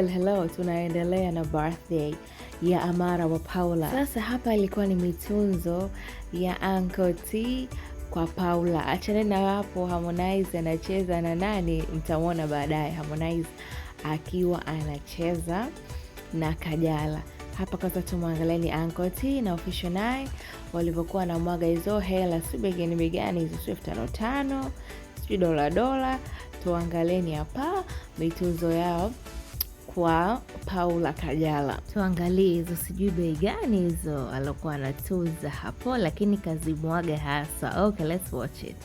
Well, hello, tunaendelea na birthday ya Amara wa Paula. Sasa hapa ilikuwa ni mitunzo ya Uncle kwa Paula. Achane na hapo, Harmonize anacheza na nani, mtamwona baadaye Harmonize akiwa anacheza na Kajala. Hapa kwanza tumwangalia ni T na ofisho naye walivyokuwa na mwaga hizo hela, si begeni begani, hizo sio elfu tano tano, sijui dola dola. Tuangaleni hapa mitunzo yao kwa Paula Kajala. Tuangalie hizo, sijui bei gani hizo alokuwa anatuza hapo, lakini kazimwaga hasa. Okay, let's watch it.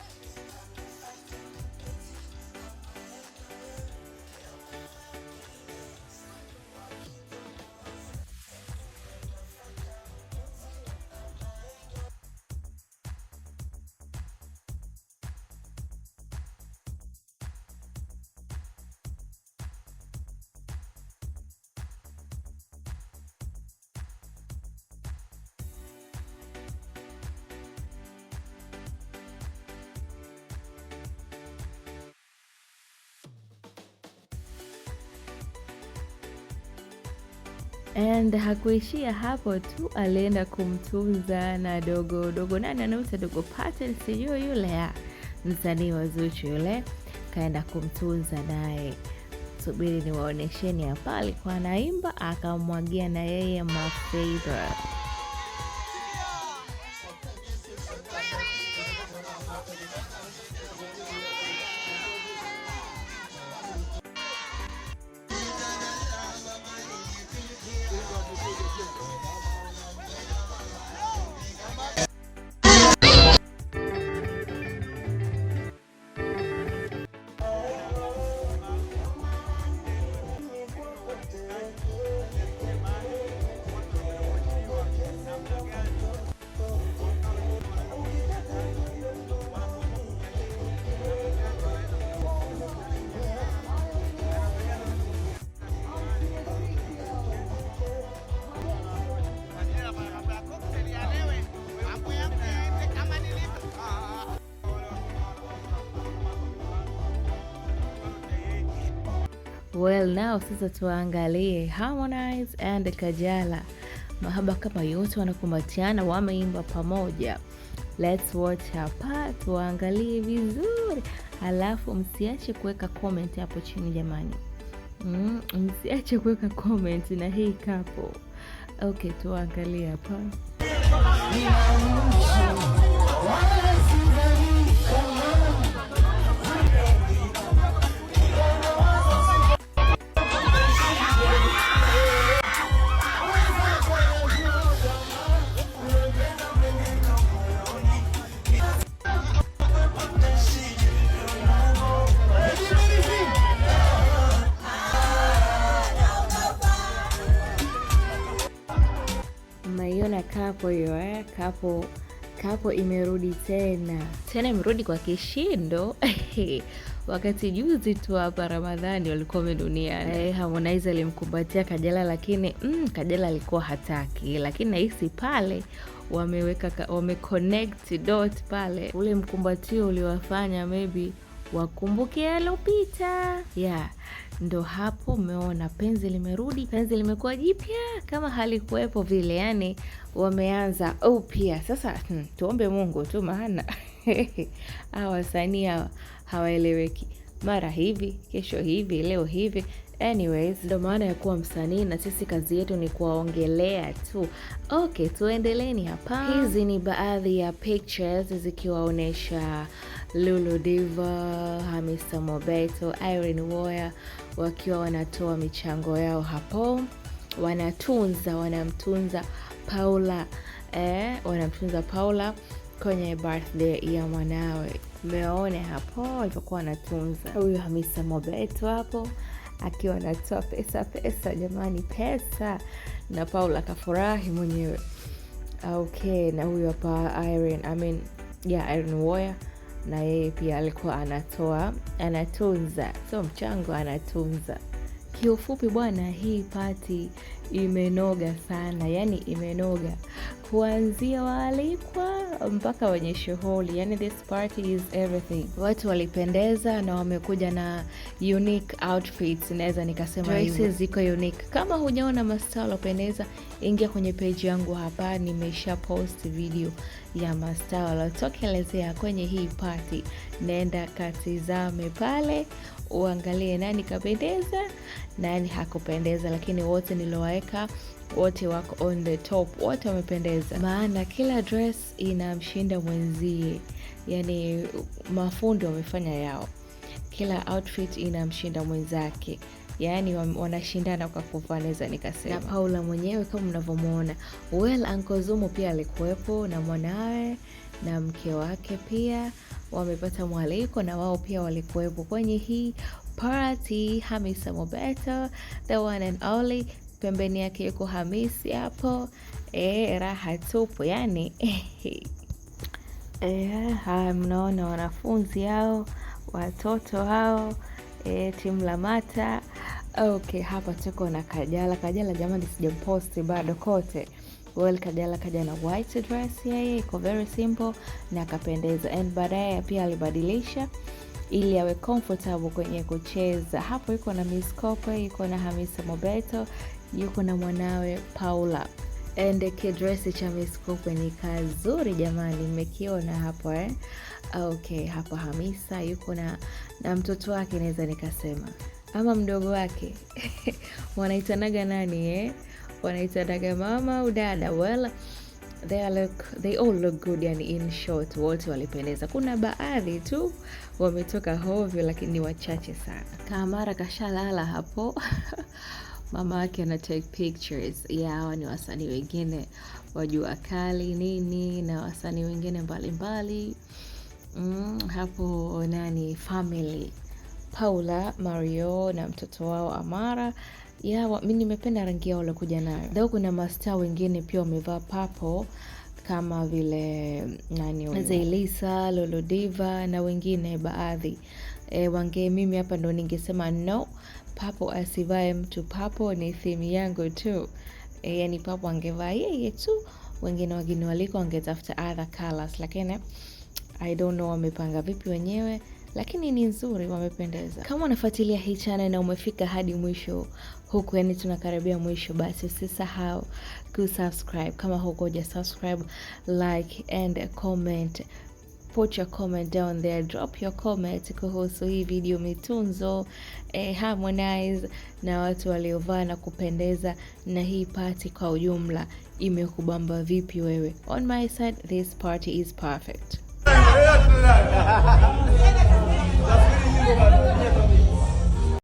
And hakuishia hapo tu, alienda kumtunza na dogo dogo, nani anaita dogo Paten, sijui yule ya msanii wa Zuchu yule, kaenda kumtunza naye. Subiri niwaonesheni hapa, alikuwa anaimba akamwagia na yeye mafavor Well now sasa tuangalie Harmonize and Kajala, mahaba kama yote wanakumbatiana, wameimba pamoja. Let's watch hapa, tuangalie vizuri, alafu msiache kuweka comment hapo chini jamani. Mm, msiache kuweka comment na hii kapo. Okay, tuangalie hapa kwa hiyo eh? Kapo kapo imerudi tena tena, imerudi kwa kishindo wakati juzi tu hapa Ramadhani walikuwa wameduniana. Hey, eh, Harmonize alimkumbatia Kajala lakini mm, Kajala alikuwa hataki, lakini nahisi pale wameweka wameconnect dot pale, ule mkumbatio uliwafanya maybe wakumbuke yalopita yeah. Ndo hapo umeona penzi limerudi, penzi limekuwa jipya kama halikuwepo vile, yani wameanza upya. sasa hmm, tuombe Mungu tu, maana hawa wasanii hawa hawaeleweki, mara hivi, kesho hivi, leo hivi. Anyways, ndo maana ya kuwa msanii na sisi kazi yetu ni kuwaongelea tu. Okay, tuendeleni hapa. Hizi ni baadhi ya pictures zikiwaonyesha Lulu Diva, Hamisa Mobeto, Irene Uwoya wakiwa wanatoa michango yao hapo, wanatunza wanamtunza Paula eh, wanamtunza Paula kwenye birthday ya mwanawe. Meone hapo walivyokuwa wanatunza. Huyu Hamisa Mobeto hapo akiwa anatoa pesa pesa, jamani, pesa na Paula akafurahi mwenyewe. Okay, na huyu hapa Irene, I mean, yeah, Irene Uwoya na yeye pia alikuwa anatoa, anatunza, sio mchango, anatunza. Kiufupi bwana, hii pati imenoga sana, yani imenoga kuanzia waalikwa mpaka wenye shughuli, yani this party is everything. Watu walipendeza na wamekuja na unique outfits, naweza nikasema hizi ziko unique. Kama hujaona mastaa waliopendeza, ingia kwenye page yangu hapa, nimesha post video ya mastaa waliotokelezea kwenye hii party, nenda katizame pale uangalie nani kapendeza, nani hakupendeza, lakini wote niliowaweka wote wako on the top, wote wamependeza, maana kila dress inamshinda mwenzie. Yani mafundi wamefanya yao, kila outfit inamshinda mwenzake yaani wanashindana kwa kufaneza nikasema. Na Paula mwenyewe kama mnavyomwona, well ankozumu pia alikuwepo na mwanawe na mke wake pia wamepata mwaliko na wao pia walikuwepo kwenye hii party. Hamisa Mobeto, the one and only, pembeni yake yuko Hamisi hapo. E, raha tupu yani. E, haya mnaona wanafunzi hao watoto hao e, timu Lamata. Okay, hapa tuko na Kajala. Kajala jamani, sijamposti bado kote Well, Kajala kaja na white dress yeye, iko very simple na akapendeza, and baadaye pia alibadilisha ili awe comfortable kwenye kucheza. Hapo yuko na Miss Cope, yuko na Hamisa Mobeto, yuko na mwanawe Paula ende kidresi cha Miss Cope ni kazuri jamani, mmekiona hapo eh? Okay, hapo Hamisa yuko na na mtoto wake, naweza nikasema ama mdogo wake wanaitanaga nani eh? daga mama udada. Well, they, are look, they all look good yani, in short wote walipendeza. Kuna baadhi tu wametoka hovyo, lakini ni wachache sana. Kamara kashalala hapo mama yake ana take pictures ya ni wasanii wengine wa jua kali nini na wasanii wengine mbalimbali mbali. Mm, hapo nani family Paula Mario na mtoto wao Amara Yeah, mi nimependa rangi yao waliokuja nayo. dhau kuna masta wengine pia wamevaa papo kama vile nani Lolodiva na wengine baadhi. E, wange mimi hapa ndo ningesema no, papo asivae mtu, papo ni thimu yangu tu. E, yani papo angevaa yeye tu, wengine wageni waliko wangetafuta other colors, lakini I don't know wamepanga vipi wenyewe lakini ni nzuri, wamependeza. Kama unafuatilia hii channel na umefika hadi mwisho huku, yani tunakaribia mwisho, basi usisahau kusubscribe kama huko uja subscribe, like and comment Put your comment down there, drop your comment kuhusu hii video mitunzo eh, Harmonize na watu waliovaa na kupendeza na hii party kwa ujumla imekubamba vipi wewe? On my side this party is perfect Thank you.